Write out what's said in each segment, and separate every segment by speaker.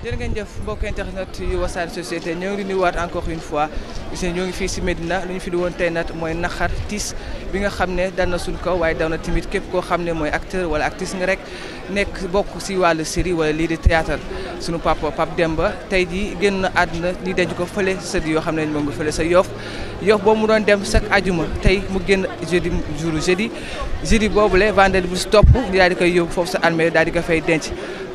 Speaker 1: jërë ngeen jëf mbokk internet yu wasaare société ñoo ngi di nuyuwaat encore une fois gis ñoo ngi fii si Medina lu ñu fi di woon tey nag mooy naxar tiis bi nga xam ne dal na suñ kaw waaye daw na tamit képp koo xam ne mooy acteur wala actrice nga rek nekk bokk si wàll série wala lii di théâtre suñu papa dem ba tey jii génn na àdduna ñu denc ko fële sa yoo xam ne moo ngi fële sa Yoff Yoff boobu mu doon dem chaque ajuma tey mu génn jeudi jour jeudi jeudi boobule vendredi bu si topp daal di koy yóbbu foofu sa armée daal di ko fay denc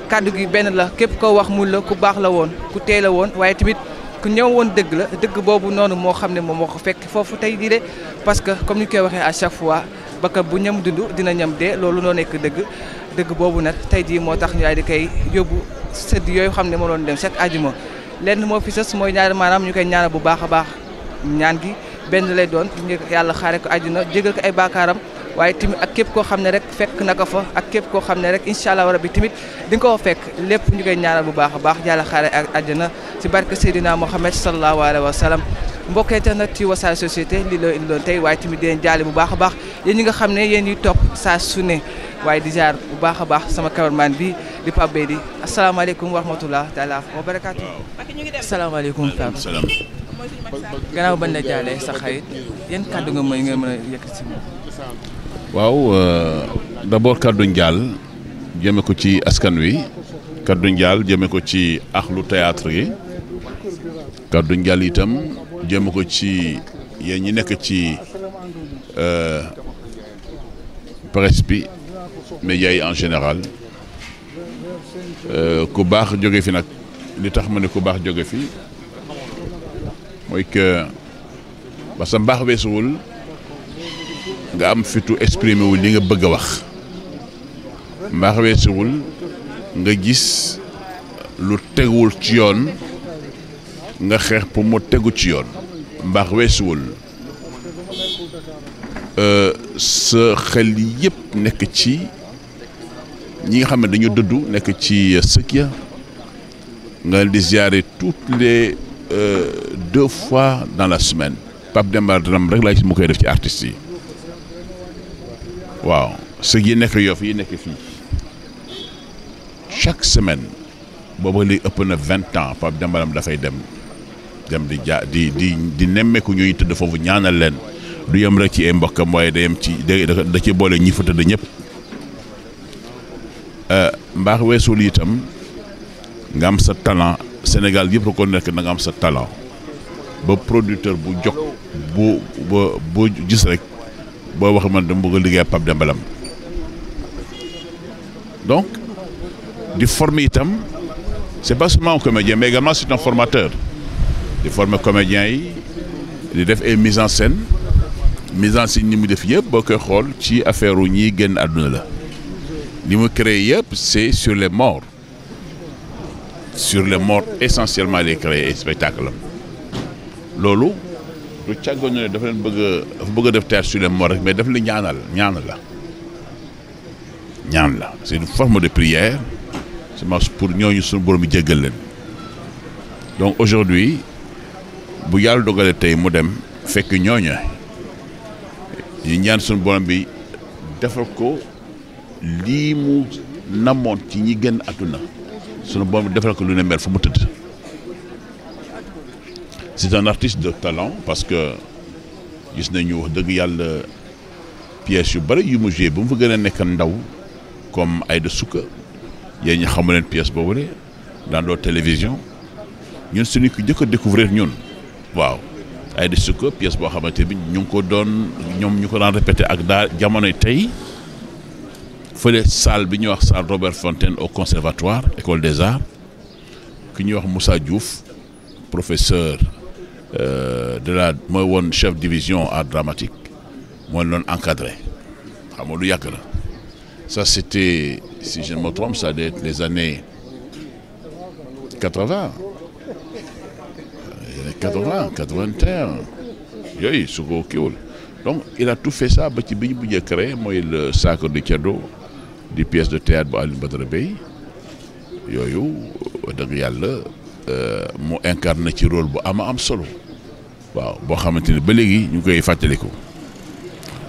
Speaker 1: kàddu gi benn la képp koo wax mun la ku baax la woon ku tee la woon waaye tamit ku ñëw woon dëgg la dëgg boobu noonu moo xam ne moom moo ko fekk foofu tey jii de parce que comme ni ñu koy waxee à chaque fois bakkan bu ñam dund dina ñam dee loolu noo nekk dëgg dëgg boobu nag tey jii moo tax ñu daal di koy yóbbu sëdd yooyu xam ne moo doon dem chaque àjjuma lenn moo fi sës mooy ñaari maanaam ñu koy ñaanal bu baax a baax ñaan gi benn lay doon ñu yàlla xaare ko àjjuna jégal ko ay baakaaram waaye tamit ak képp koo xam ne rek fekk na ko fa ak képp koo xam ne rek incha allah rabbi tamit di nga ko fekk lépp ñu koy ñaanal bu baax a baax yàlla xaare ak àjjana si barke Seydina Mohamed sallallahu alayhi wa sallam mbokkee te nag ci Wassare société lii loo tey waaye tamit di leen jaale bu baax a baax yéen ñi nga xam ne yéen ñuy topp saa su ne waaye di jaar bu baax a baax sama cameraman bi di Pape di asalaamaaleykum wa rahmatulah taala wa barakaatu. asalaamaaleykum Pape. gannaaw bañ sa xarit yan kàddu nga mooy nga mën
Speaker 2: waaw euh, d'abord kàddu njaal jëmme ko ci askan wi kàddu njaal jëme ko ci axlu théâtre yi kàddu njaal itam jëme ko ci yéen ñi nekk ci euh, presse bi médias yi en général euh, ku baax jóge fi nag li tax ma ne ku baax jóge fi mooy que ba sa mbaax weesuwul nga am fitu exprimer wu li nga bëgg wax mbaax weesuwul nga gis lu teguwul ci yoon nga xeex pour mu tegu ci yoon mbaax weesuwul euh, sa xel yëpp nekk ci ñi nga xam ne dañu dëddu nekk ci sëkk ya nga di ziare toutes les euh, deux fois dans la semaine Pape Demba Dramé rek laa gis mu koy def ci artist yi waaw sëg yi nekk Yoff yi nekk fii chaque semaine booba li ëpp na vingt ans Pape Dembalam dafay dem dem di ja di di di nemmeeku ñuy tëdd foofu ñaanal leen du yem rek ci ay mbokkam waaye da yem ci da da ci boole ñi fa tëdd ñëpp euh, mbaax weesul itam nga am sa talent Sénégal yëpp ko nekk na nga am sa talent ba producteur bu jog bu bu gis rek. boo wax man dama bëgg a liggéey Pape Demba donc di forme itam c'est pas seulement un comédien mais également c'est un formateur di former comédiens yi di def ay mise en scène mise en ni mu def yëpp boo koy xool ci affaire wu ñiy génn àdduna la li mu créé yëpp c'est sur les morts sur le morts essentiellement les créé ay spectacle loolu lu càggoon ne dafa leen bëgg a dafa bëgg def terre sur les moo rek mais daf la ñaanal ñaan la ñaan la c'est une forme de prière semence pour ñooñu suñu borom yi jéggal leen donc aujourd'hui bu yàlla dogalee tey mu dem fekk ñooña ñu ñaan suñu borom bi defal ko lii mu namoon ci ñi génn àdduna suñu borom bi defal ko lu ne mel fu mu tëdd c'est un artiste de talent parce que gis nañu wax dëgg yàlla pièces yu bëri yu mu joué ba mu fa gën ndaw comme Aïda Souka yéen ñi xamu leen pièce boobu de dans doo télévision ñun suñu ko jëkk a découvrir ñun waaw Aïda Souka pièce boo xamante bi ñu ngi ko doon ñoom ñu ko daan répété ak daal jamonoy tey fële salle bi ñuy wax salle Robert Fontaine au conservatoire école des arts ki ñuy wax Moussa Diouf professeur Euh, de la mooy woon chef division art dramatique moo leen doon encadré yàgg la ça c' était si je ne me trompe ça doit années quatre vingt euh, kiiwul donc il a tout fait ça ba ci bi ñu mujjee créé mooy le Sacre de Ceddo di pièce de théâtre bu Alioune Badara Bey yooyu dëgg yàlla euh, mu incarne ci rôle bu ama am solo. waaw boo xamante ni ba léegi ñu koy fàttaliku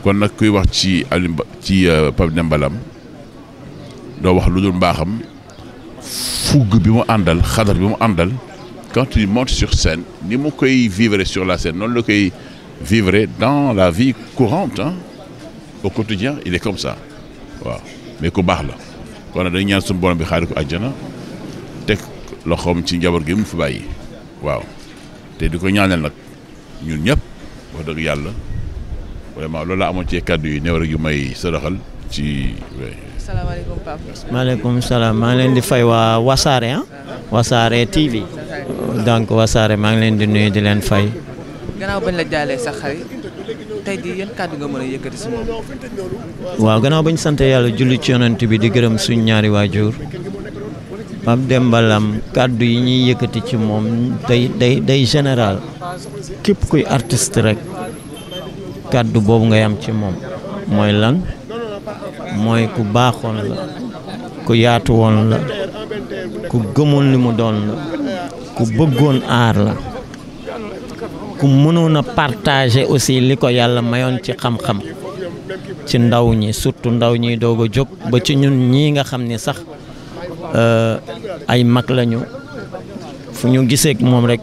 Speaker 2: kon nag kuy wax ci Aliou ci euh, Pape Demba doo wax lu du mbaaxam fugg bi mu àndal xadar bi mu àndal quand il monte sur scène ni mu koy vivre sur la scène noonu la koy vivre dans la vie courante hein au quotidien il est comme ça waaw mais ku baax la kon nag dañu ñaan suñu bi xaari ko àjjana teg loxoom ci njaboot gi mu fi bàyyi waaw te di ko ñaanal nag. ñun ñëpp wax dëgg yàlla vraiment loolu la amoon ci kàddu yi néew rek yu may sërëxal ci.
Speaker 1: salaamaaleykum maa ngi leen di fay waa Wasaare
Speaker 2: ah. Wasaare TV.
Speaker 3: donc maa ngi leen di nuyu di leen fay.
Speaker 1: gannaaw bañ la jaalee
Speaker 3: bañ sant yàlla julli ci yonent bi di gërëm suñu ñaari waajur ba Demba Lam kàddu yi ñuy yëkkati ci moom day day day général képp kuy artiste rek kàddu boobu ngay am ci moom mooy lan mooy ku baaxoon la ku yaatu woon la ku gëmoon li mu doon la ku bëggoon aar la ku mënoon a partager aussi li ko yàlla mayoon ci xam-xam ci ndaw ñi surtout ndaw ñi doog jóg ba ci ñun ñii nga xam ni sax Euh, ay mag lañu fu ñu gisee moom rek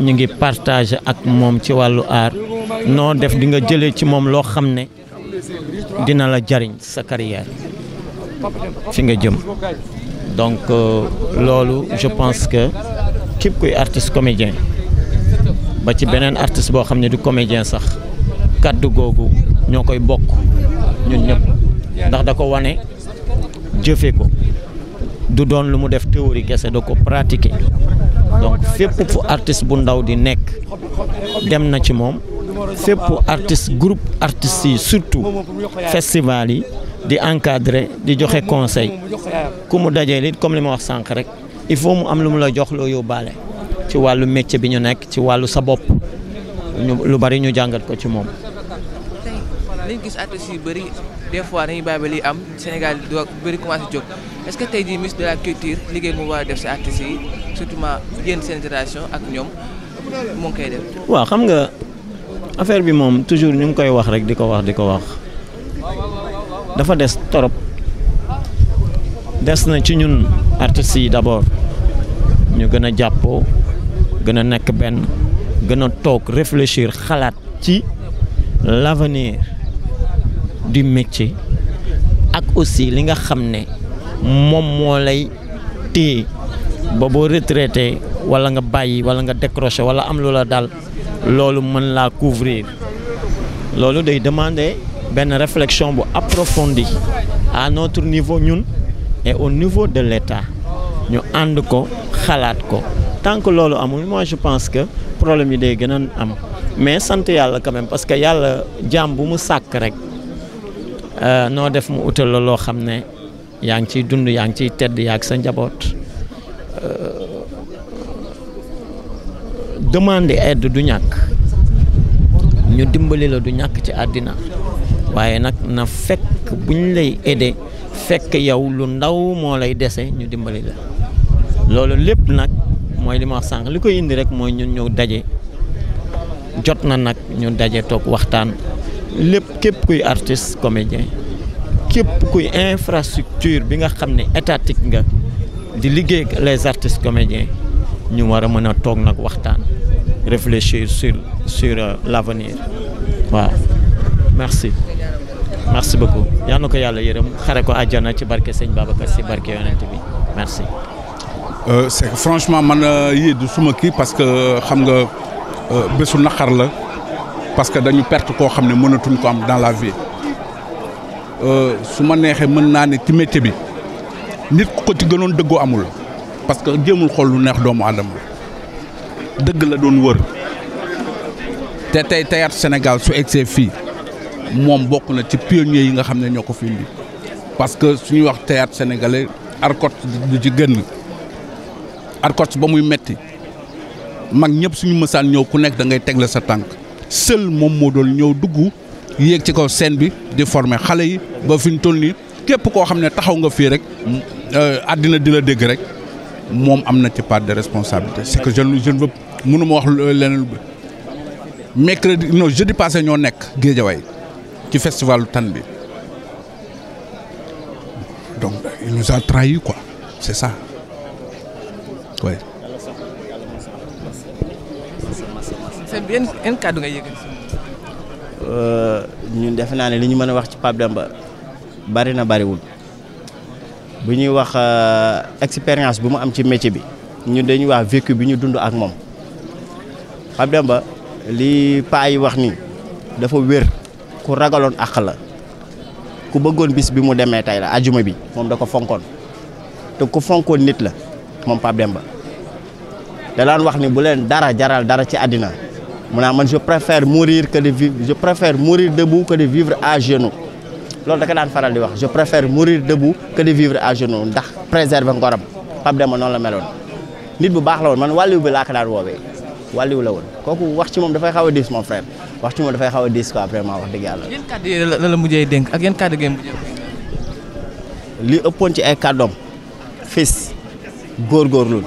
Speaker 3: ñu ngi partager ak moom ci wàllu aar noo def di nga jëlee ci moom loo xam ne dina la jariñ sa carrière fi nga jëm donc euh, loolu je pense que képp kuy artiste comédien ba ci beneen artiste boo xam ne du comédien sax kàddu googu ñoo koy bokk ñun ñëpp ndax da ko wane jëfee ko du doon lu mu def théorie kese da ko pratiquer donc fépp fu artiste bu ndaw di nekk dem na ci moom fépp artiste groupe artistes yi surtout festival yi di encadrer di joxe conseil ku mu dajee it comme li ma wax sànq rek il faut mu am lu mu la jox loo yóbbaale ci wàllu métier bi ñu nekk ci wàllu sa bopp ñu lu bari ñu jàngat ko ci moom
Speaker 1: nañ gis artistes yu bëri des fois dañuy bàyyi ba liy am Sénégal du bëri commencé jóg est-ce que tey jii ministre de la culture liggéey mu war a def si artistes yi surtout ma seen génération ak ñoom moo ngi koy def.
Speaker 3: waaw xam nga affaire bi moom toujours ñu ngi koy wax rek di ko wax di ko wax dafa des torop des na ci ñun artistes yi d'abord ñu gën a jàppoo gën a nekk benn gën a toog réfléchir xalaat ci l'avenir du métier ak aussi li nga xam ne moom moo lay téye ba boo retraité wala nga bàyyi wala nga décroché wala am lu la dal loolu mën laa couvrir loolu day demander benn réflexion bu approfondi à notre niveau ñun et au niveau de l'État ñu ànd ko xalaat ko tant loolu amul moi je pense que problème yi day gën a am mais sant yàlla quand même que yàlla jaam bu mu sàkk rek. Euh, noo def mu utal la loo xam ne yaa ngi ciy dund yaa ngi ciy tedd yaa ak sa njaboot euh, demande aide du ñàkk ñu dimbali la du ñàkk ci àddina waaye nag na fekk buñ lay aider fekk yow lu ndaw moo lay dese ñu dimbali la loolu lépp nag mooy li ma wax sànq li koy indi rek mooy ñun ñëw daje jot na nag ñu daje toog waxtaan. lépp képp kuy artiste comédien képp kuy infrastructure bi nga xam ne étatique nga di liggéey les artistes comédiens ñu war a mën a toog nag waxtaan réfléchir sur sur euh, l'avenir waaw merci merci beaucoup yal na ko yàlla yërëm xare ko àjjana ci barke sëñ Babacar si barke yonent bi merci
Speaker 4: euh, que franchement man euh, yii du suma kii parce que xam nga bésu naqar la parce que dañu perte koo xam ne mënatuñ ko am dans la vie euh, su ma neexee mën naa ne ci métier bi nit ku ko ci gënoon dëggoo amul parce que jéemul xool lu neex doomu aadama dëgg la doon wër te tey théâtre Sénégal su egg see fii moom bokk na ci pionnier yi nga xam ne ñoo ko fi indi parce que su ñuy wax théâtre sénégalais arcote du ci gën arcote ba muy metti mag ñëpp suñu mësaan ñëw ku nekk da ngay tegle sa tànk seul moom moo doon ñëw dugg yéeg ci kaw scène bi di former xale yi ba fi ñu toll nii képp koo xam ne taxaw nga fii rek euh, àddina di la dégg rek moom am na ci part de responsabilité c'est que je je ne veux mënu ma wax leneen mercredi non jeudi passé ñoo nekk Géejawaay ci festivalu tan bi donc il nous a trahi quoi c'est ça
Speaker 1: yan yan kàddu ngay
Speaker 5: euh, defe naa ne li ñu mën a wax ci Pape Demba bari na bariwul bu ñuy wax euh, expérience bu mu am ci métier bi ñun dañuy wax vécu bi ñu dund ak moom Pape Demba li paa wax ni dafa wér ku ragaloon àq la ku bëggoon bis bi mu demee tey la ajuma bi moom da ko fonkoon te ko fonkoon nit la moom Pape Demba da wax ni bu leen dara jaral dara ci àddina mu a man je préfère mourir que de vivre je à genoux loolu da ko daan faral di wax je préfère mourir debout que de vivre à genoux ndax préserver ngoram Pape Demba noonu la meloon nit bu baax la woon man wàlliw bi laa ko daan woowee wàlliw la woon kooku wax ci moom dafay xaw a diis mon frère wax ci moom dafay xaw a diis quoi vraiment wax dëgg yàlla. yan
Speaker 1: kàddu yi la la mujjee dénk ak yan kàddu ngeen mujjee
Speaker 5: li ëppoon ci ay kàddoom fils góorgóorlu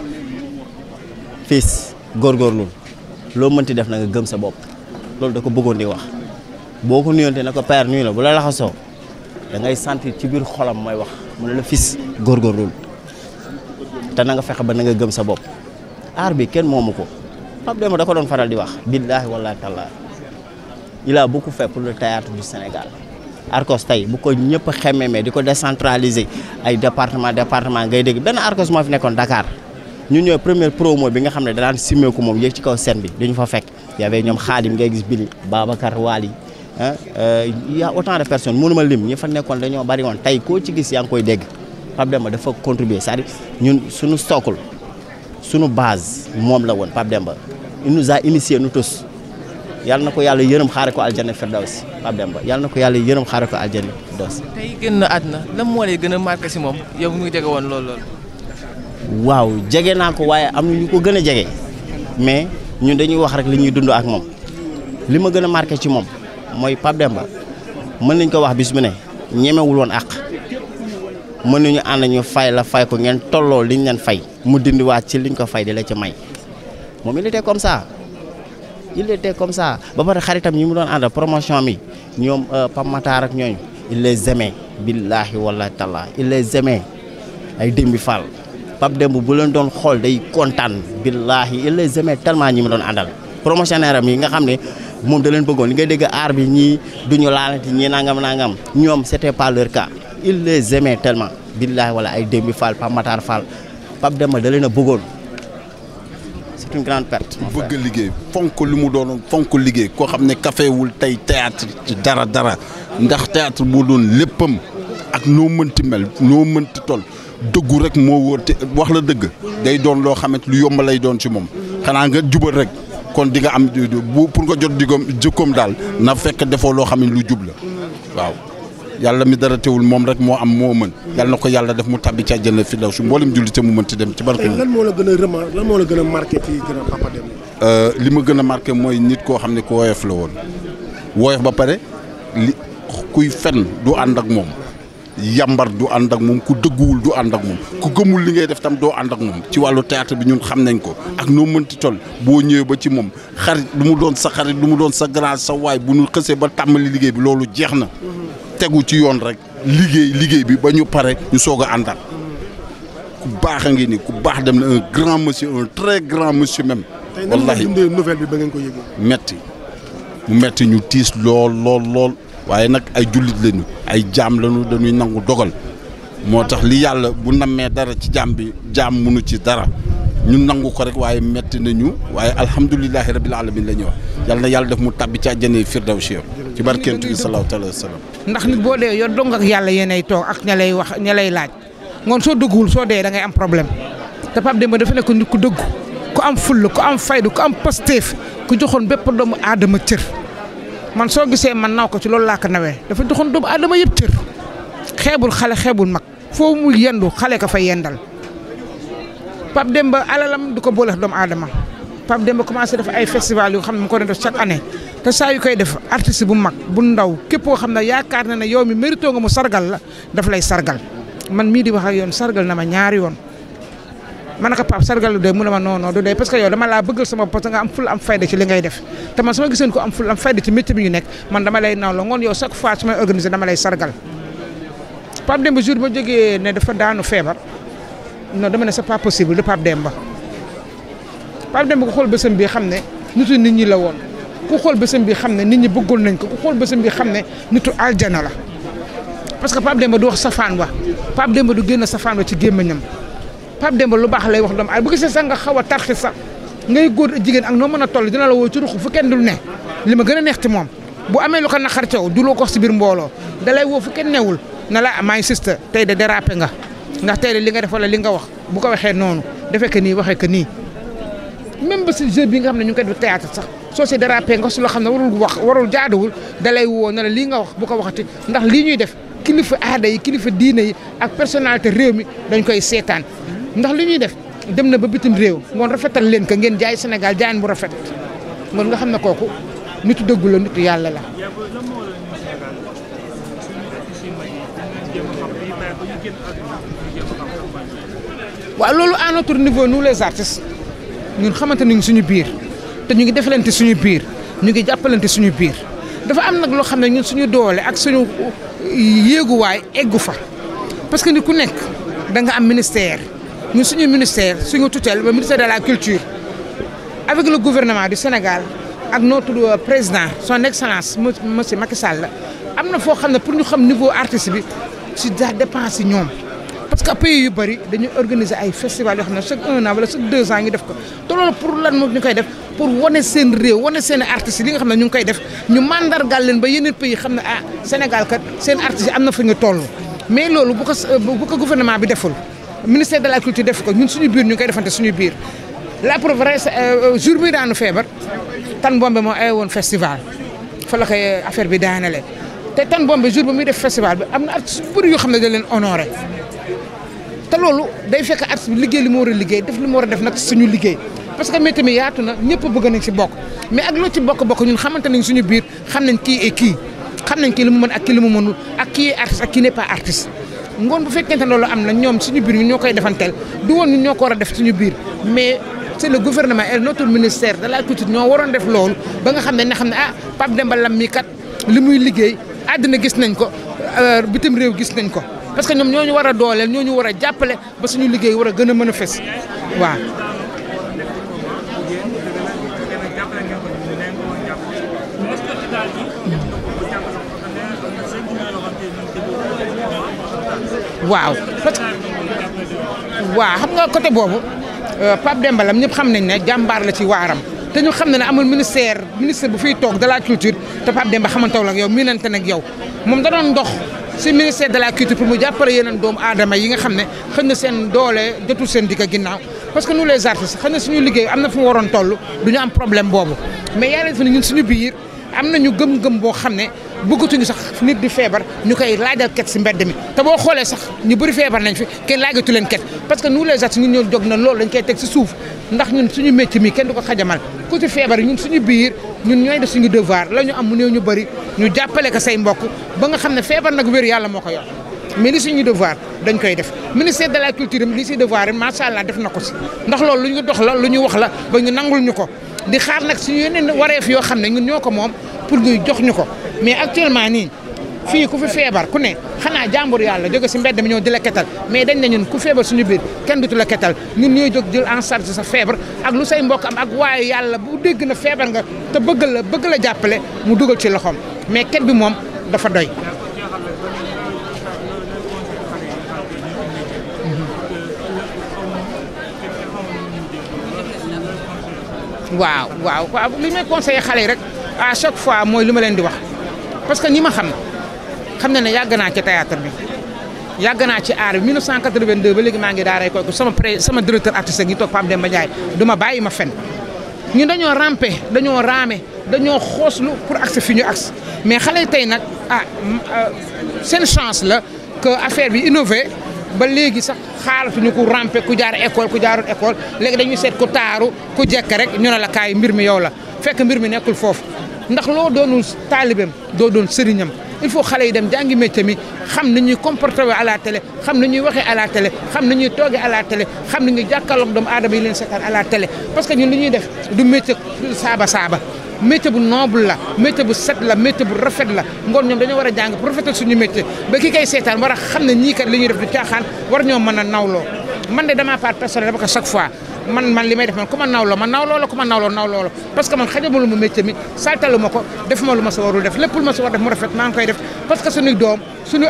Speaker 5: loo mënti def na nga gëm sa bopp loolu da ko bëggoon di wax boo ko nuyoonte na ko père nuyu la bu la laxasoo da ngay sentir ci biir xolam mooy wax mu ne la fis góorgóorlu te na nga fexe ba na nga gëm sa bopp aar bi kenn moomu ko Pape Demba da ko doon faral di wax billaahi wallaahi tallaahi il a beaucoup fait pour le théâtre du Sénégal Arcos tey bu ko ñëpp xemmemee di ko décentraliser ay département département ngay dégg benn Arcos moo fi nekkoon dakaar ñun ñooy première promo bi nga xam ne danaan simmeeku moom yéeg ci kaw scène bi dañu fa fekk y avait ñoom Khadim ngay gis Billy Babacar Wali ah euh, y a autant de personnes mënuma lim ñi fa nekkoon dañoo bari woon tey koo ci gis yaa ngi koy dégg Pape Demba dafa contribuer c'est-à-dire ñun suñu socle suñu base moom la woon Pape Demba il nous a initié nous tous yàlla na ko yàlla yërëm xaare ko aljana firdawsi Pape Demba yàlla na ko yàlla yërëm xaare ko aljana firdawsi
Speaker 1: tey gën na àdduna ngi woon loolu loolu
Speaker 5: waaw jege naa ko waaye am na ñu ko gën a jege mais ñun dañuy wax rek li ñuy dund ak moom li ma gën a marqué ci moom mooy Pape Demba mën nañ ko wax bis bu ne ñemewul woon àq mën nañu ànd ñu fay la fay ko ngeen tolloo liñ leen fay mu dindiwaat ci liñ ko fay di la ci may moom il était comme ça il était comme ça ba pare xaritam ñu mu doon àndal promotion mi ñoom euh, Pape Matar ak ñooñu il les aimait billaahi wallaahi taalaa il les aimait ay démbi Fall pab Demba bu leen doon xool day kontaan billaahi il les aimait tellement ñi ma doon àndal promotionnaire am yi nga xam ne moom da leen bëggoon li nga dégg aar bi ñii du ñu laalante ñii nangam nangam ñoom c'était pas leur cas il les aimait tellement billaahi wala ay Demba Fall Pape Matar Fall dem ba da leen a bëggoon c'est grande
Speaker 6: perte. bëgg liggéey fonk li mu doon fonk liggéey koo xam ne kafewul tey théâtre dara dara ndax théâtre bu doon léppam ak noo mënti mel noo mënti toll. dëggu rek moo wóor te wax la dëgg day doon loo xamante lu yomb lay doon ci moom xanaa nga jubal rek kon di nga am bu pour nga jot diggoom jikkoom daal na fekk defoo loo xam ne lu jub la waaw yàlla mi dara teewul moom rek moo am moo mën yàlla na ko yàlla def mu tàbbi ci àjjana fi daw su mboolem julli te mu mën ti dem ci barke lan moo la a remarqué la gën a marqué ci gën a euh, li ma gën a marqué mooy nit koo xam ne ku woyof la woon woyof ba pare li kuy fenn du ànd ak moom yambar du ànd ak moom ku dëgguwul du ànd ak moom ku gëmul li ngay def tam doo ànd ak moom ci wàllu théâtre bi ñun xam nañ ko ak noo mënti toll boo ñëwee ba ci moom xarit du mu doon sa xarit du mu doon sa grand sa waay bu ñu xësee ba tàmbali liggéey bi loolu jeex na tegu ci yoon rek liggéey liggéey bi ba ñu pare ñu soog a àndaat ku baax a ngi nii ku baax dem na un grand monsieur un très grand monsieur même wallahi ko yëgee metti mu metti ñu tiis lool lool lool waaye nag ay jullit lañu ay jaam lañu dañuy nangu dogal moo tax li yàlla bu nammee dara ci jaam bi jaam mënu ci dara ñu nangu ko rek waaye metti nañu waaye alhamdulilahi rabil alamin la ñuy wax yàlla na yàlla def mu tàbbi ci àjjana firdaws ci barkent bi sallallahu alayhi wa sallam
Speaker 7: ndax nit boo dee yow dong ak yàlla yéenay toog ak ña lay wax ña lay laaj ngoon soo dëgguwul soo dee da ngay am problème te Pape Demba dafa nekk nit ku dëggu ku am fulla ku am faydu ku am pasteef ku joxoon bépp doomu aadama cër man soo gisee man naw ko ci loolu laa ko nawee dafa doxoon doomu aadama yëpp cër xeebul xale xeebul mag foo mu yendu xale ka fa yendal Pape Demba alalam du ko boole doomu aadama Pape Demba commencé def ay festival yu xam ne mu ko doon def chaque année te saa yu koy def artiste bu mag bu ndaw képp koo xam ne yaakaar na ne yow mi mérito nga mu sargal la daf lay sargal man mii di wax ak yoon sargal na ma ñaari yoon. man naka Pape sargal lu doy mu ne ma non non du doy parce que yow dama laa bëggal sama parce que nga am ful am fayda ci li ngay def te man su ma gisoon ko Demba jour ba jógee ne dafa daanu feebar non dama ne c'est pas possible de Demba Pape Demba ku xool bésam bi xam ne nitu nit ñi la woon ku xool bésam bi xam ne nit ñi bëggoon nañ ko ku xool bésam bi xam ne nitu aljana la parce que Pape Demba du wax safaan wa Pape Demba du génn safaan wa ci gémmiñam Pape Demba lu baax lay wax doomu aadama bu gisee sax nga xaw a tarxi sax ngay góor jigéen ak noo mën a toll dina la woo ci ruq kenn dul ne li ma gën a neex ci moom bu amee lu ko naqar caw du loo ko si biir mbooloo dalay woo fu kenn newul na la maay sister tey de dérapé nga ndax tey li nga def wala li nga wax bu ko waxee noonu defee que nii waxee que nii même ba si jeu bi nga xam ne ñu ngi koy def théâtre sax soo si dérapé nga si loo xam ne warul wax warul jaaduwul dalay woo na la lii nga wax bu ko waxati ndax lii ñuy def kilifa aada yi kilifa diine yi ak personnalité réew mi dañ koy seetaan ndax lu ñuy def dem na ba bitim réew ngoon rafetal leen ko ngeen jaay Sénégal jaayan bu rafet ngoon nga xam ne kooku nitu dëggu la nitu yàlla la. waaw loolu à notre niveau nous les artistes ñun xamante nañ suñu biir te ñu ngi defalante suñu biir ñu ngi jàppalante suñu biir dafa am nag loo xam ne ñun suñu doole ak suñu yéeguwaay eggu fa parce que ni ku nekk da nga am ministère. ñun suñu ministère suñu tutelle ba ministère de la culture avec la gouvernement du Sénégal ak notre euh, président son excellence monsieur Macky la am na foo xam ne pour ñu xam niveau artiste bi ci daa dépend ñoom parce que pays yu bëri dañuy organiser ay festival yoo xam ne chaque un an wala chaque deux ans ñu def ko te loolu lan moom ñu koy def pour wane seen réew wane seen artistes li nga xam ne ñu ngi koy def ñu mandargal leen ba yeneen pays xam ne ah Sénégal kat seen artistes am na fa ñu toll mais loolu bu ko ko gouvernement bi deful ministère de la culture def ko ñun suñu biir ñu ngi koy defante suñu biir la preuve euh, euh, jour bi daanu feebar tan bombe moo ay woon festival fa la koy euh, bi daanale te tan bombe jour bi muy def festival bi am na artiste bu bëri yoo xam ne da leen honoré te loolu day fekk artiste bi liggéey li mu war a liggéey def li mu war a def nag suñu liggéey parce que métier mi yaatu na ñëpp bëgg nañ si bokk mais ak loo ci bokk-bokk ñun xamante nañ suñu biir xam nañ kii et kii xam nañ kii li mu mën ak kii li mu mënul ak kii ak kii n'est pas ngoon bu fekkente ne loolu am na ñoom suñu biir ñoo koy defanteel du woon ñun ñoo ko war a def suñu biir mais c'est le gouvernement et notre ministère de la culture ñoo waroon def loolu ba nga xam ne na xam ne ah Pape Demba Lam mi kat li muy liggéey àddina gis nañ ko euh, bitim réew gis nañ ko parce que ñoom ñoo ñu war a dooleel ñoo ñu war a jàppale ba suñu liggéey war a gën a mën a fes waaw. waaw parce waaw xam nga côté boobu euh, Pape Demba Lam ñëpp xam nañ ne jàmbaar la ci waaram te ñu xam ne ne amul ministère ministre bu fiy toog de la culture te Pape Demba xamantaw la ak yow miinante nag yow moom da doon ndox si ministère de la culture pour mu jàppale yeneen doomu aadama yi nga xam ne xëy na seen doole jotul seen digg ginnaaw parce que nous les artistes xëy na suñu liggéey am na fu mu waroon toll du ñu am problème boobu mais yàlla def na ñun suñu gëm-gëm boo xam ne bëggatuñu sax nit di feebar ñu koy laajal ket si te boo xoolee sax ñu bëri feebar nañ fi kenn laajatu leen ket parce que nous les ñoo jóg na loolu dañ koy teg si suuf ndax ñun suñu métier mi kenn du ko ñooy def suñu devoir la ñu am mu néew ñu bëri ñu jàppale ko say mbokk ba nga xam ne feebar nag wér yàlla moo koy yor mais li suñu devoir dañ koy def ministère de la culture li si devoir yi macha def na ko si ndax loolu ñu dox la lu ñu wax la ba ñu nangul ñu ko di xaar nag suñu yeneen wareef yoo xam ne ñun ñoo ko moom pour nga jox ñu ko mais actuellement nii fii ku fi feebar ku ne xanaa jàmbur yàlla jóge si mbedd mi ñëw di ketal mais dañ ne ñun ku feebar suñu biir kenn dutu la ketal ñun ñu jóg jël en charge sa feebar ak lu say mbokk am ak waaye yàlla bu dégg na feebar nga te bëgg la bëgg la jàppale mu dugal ci loxoom mais ket bi moom dafa doy. waaw waaw waaw li may conseillé xale yi rek. à chaque fois mooy li ma leen di wax parce que ñi ma xam xam na ne yàgg naa ci théâtre bi yàgg naa ci aar bi 1982 ba léegi maa ngi daaray koy ko sama pré sama directeur artistique yi toog Pape Demba Ndiaye du ma bàyyi ma fen ñun dañoo rampe dañoo raame dañoo xooslu pour accès fi ñu accès mais xale yi tey nag ah seen chance la que affaire bi innové ba léegi sax ñu ko rampe ku jaar école ku jaarul école léegi dañu seet ku taaru ku jekk rek ñu ne la kaay mbir mi yow la fekk mbir mi nekkul foofu ndax loo doonu taalibeem doo doon sëriñam il faut xale yi dem jàngi métier mi xam na ñuy comporté wu à la télé xam ni ñuy waxee à la xam na ñuy toogee à la xam na ñuy jàkkaarloog doomu aadama yi leen seetaan à parce que ñun li ñuy def du métier saaba saaba métier bu noble la métier bu set la métier bu rafet la ngoon ñoom dañoo war a jàng pour rafetal suñu métier ba ki kay seetaan war a xam ne ñii kat li ñuy def du caaxaan war ñoo mën a nawloo man de dama part personnel dafa fois man man li may def man ku ma nawloo ma nawloo la ku ma nawloo nawloo la parce que man xajamaluma métier mi saltalu ma ko def ma lu ma sa warul def lépp lu ma sa war def mu rafet maa ngi koy def parce que suñuy doom suñu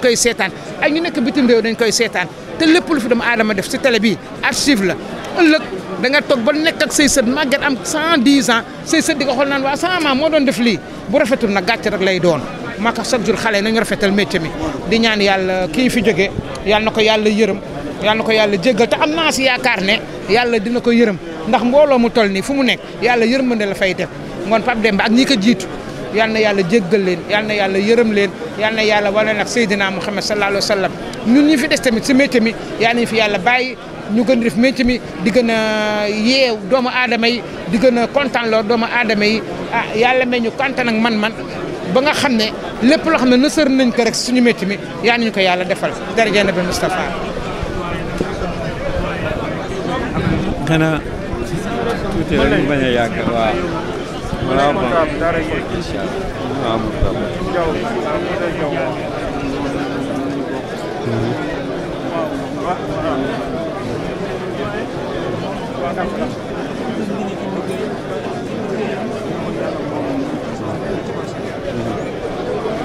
Speaker 7: koy seetaan ay ñu nekk bitim réew dañ koy seetaan te lépp lu fi doomu aadama def si télé bii archive la ëllëg da nga toog ba nekk ak say sët màgget am 110 ans say sët di ko xool naan waa sama moo doon def lii bu rafetul nag gàcce rek lay doon maa ko chaque jour xale nañu rafetal métier mi di ñaan yàlla kii fi jógee yàlla na ko yàlla yërëm yàlla na ko yàlla jéggal te am naa si yaakaar ne yàlla dina ko yërëm ndax mbooloo mu toll nii fu mu nekk yàlla yërmande la fay def ngoon Pape Demba ak ñi ko jiitu yal na yàlla jéggal leen yal na yàlla yërëm leen yal na yàlla wala nag Seydina Muhammad sallallahu alayhi wa sallam ñun ñi fi des tamit si métier mi yal fi yàlla bàyyi ñu gën def métier mi di gën a yeew doomu aadama yi di gën a kontaan doomu aadama yi ah yàlla may ñu kontaan ak man-man ba nga xam ne lépp loo xam ne nësër nañ ko rek suñu métier mi yal nañu ko yàlla defal daraja
Speaker 8: xanaa tuuti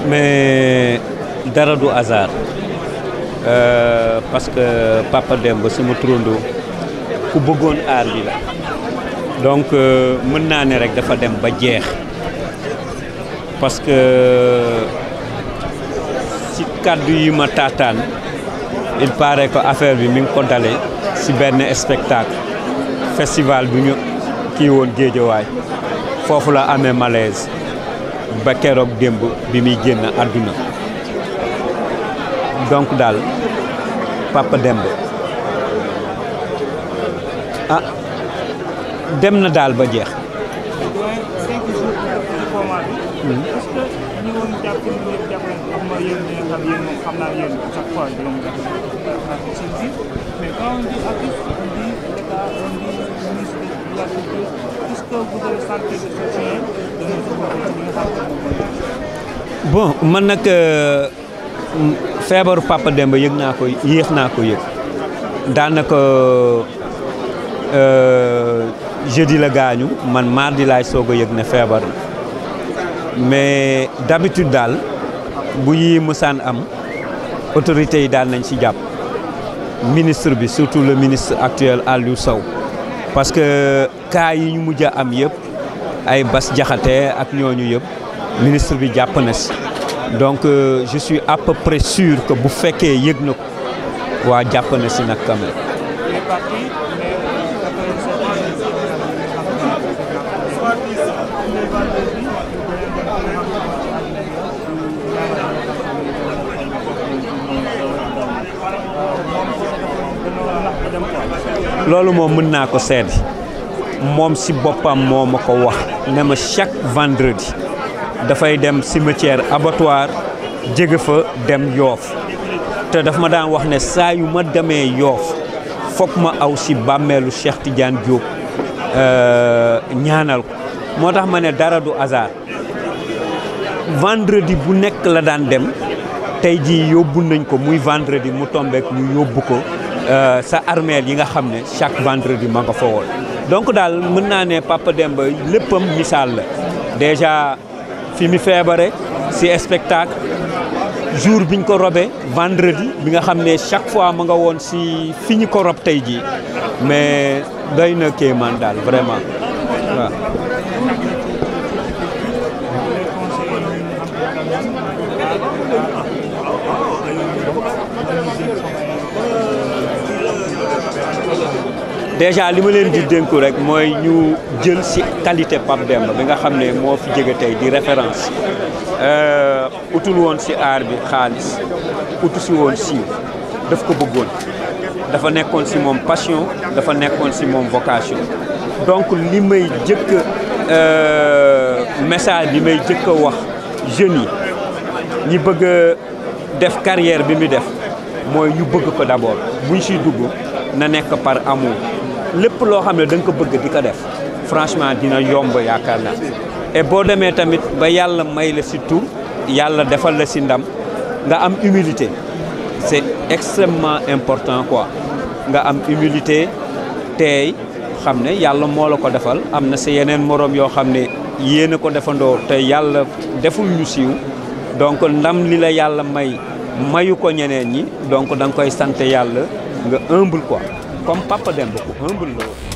Speaker 8: mais dara du hasard euh, parce que Papa Demba sama turandoo ku bëggoon aar bi la donc euh, mën naa ne rek dafa dem ba jeex parce que ci kàddu yi ma taataan il paraît que affaire bi mi ngi si benn spectacle festival bu ñu kii woon foofu la amee malaise ba keroog démb bi muy génn àdduna donc daal Papa Demba Ah, dem na daal ba jeex. bon man nag euh, feebaru Papa Demba yëg naa ko yéex naa ko yëg daanaka. Euh, jeudi la gaañu man mardi laay soog a yëg ne feebar na mais d'habitude daal bu yii musaan am autorités yi daal nañ si jàpp ministre bi surtout le ministre actuel Aliou saw parce que cas yi ñu mujj a am yëpp ay Bas Jaxate ak ñooñu yëpp ministre bi jàpp na si donc euh, je suis à peu près bu fekkee yëg na ko waa jàpp na si nag quand loolu moom mën naa ko seede moom ci boppam moo ma ko wax ne ma chaque vendredi dafay dem cimetière abattoir jege fa dem yoof te daf ma daan wax ne saa yu ma demee yoof foog ma aw si bàmmeelu Cheikh Tidiane Diop euh, ñaanal ko moo tax ma ne dara du hasard vendredi bu nekk la daan dem tey ji yóbbu nañ ko muy vendredi mu tombeek ñu yóbbu ko euh, sa armeel yi nga xam ne chaque vendredi ma nga fa donc daal mën naa ne Papa Demba léppam misaal la déjà fi mi feebare si spectacle jour biñ ko robee vendredi bi nga xam ne chaque fois mu nga woon si fi ñu ko rob tey jii mais doy na kéemaan daal vraiment waaw. déjà li ma leen di dénku rek mooy ñu jël si qualité Pape Demba bi nga xam ne moo fi jege tey di référence Euh, utul woon si aar bi xaalis utu si woon siiw daf ko bëggoon dafa nekkoon si moom passion dafa nekkoon si moom vocation donc li may jëkk euh, message bi may jëkk wax jeunes yi ñi bëgg a def carrière bi mu def mooy ñu bëgg ko d'abord buñ siy dugg na nekk par amour lépp loo xam ne da ko bëgg di ko def franchement dina yomb yaakaar naa et boo demee tamit ba yàlla may la si tur yàlla defal la si ndam nga am humilité c'est extrêmement important ko nga am humilité tey xam ne yàlla moo la ko defal am na si yeneen moroom yoo xam ne yéen a ko defandoo te yàlla deful ñu siiw donc ndam li la yàlla may mayu ko ñeneen ñi donc da nga koy sant yàlla
Speaker 7: nga humble quoi comme Papa Demba ko humble la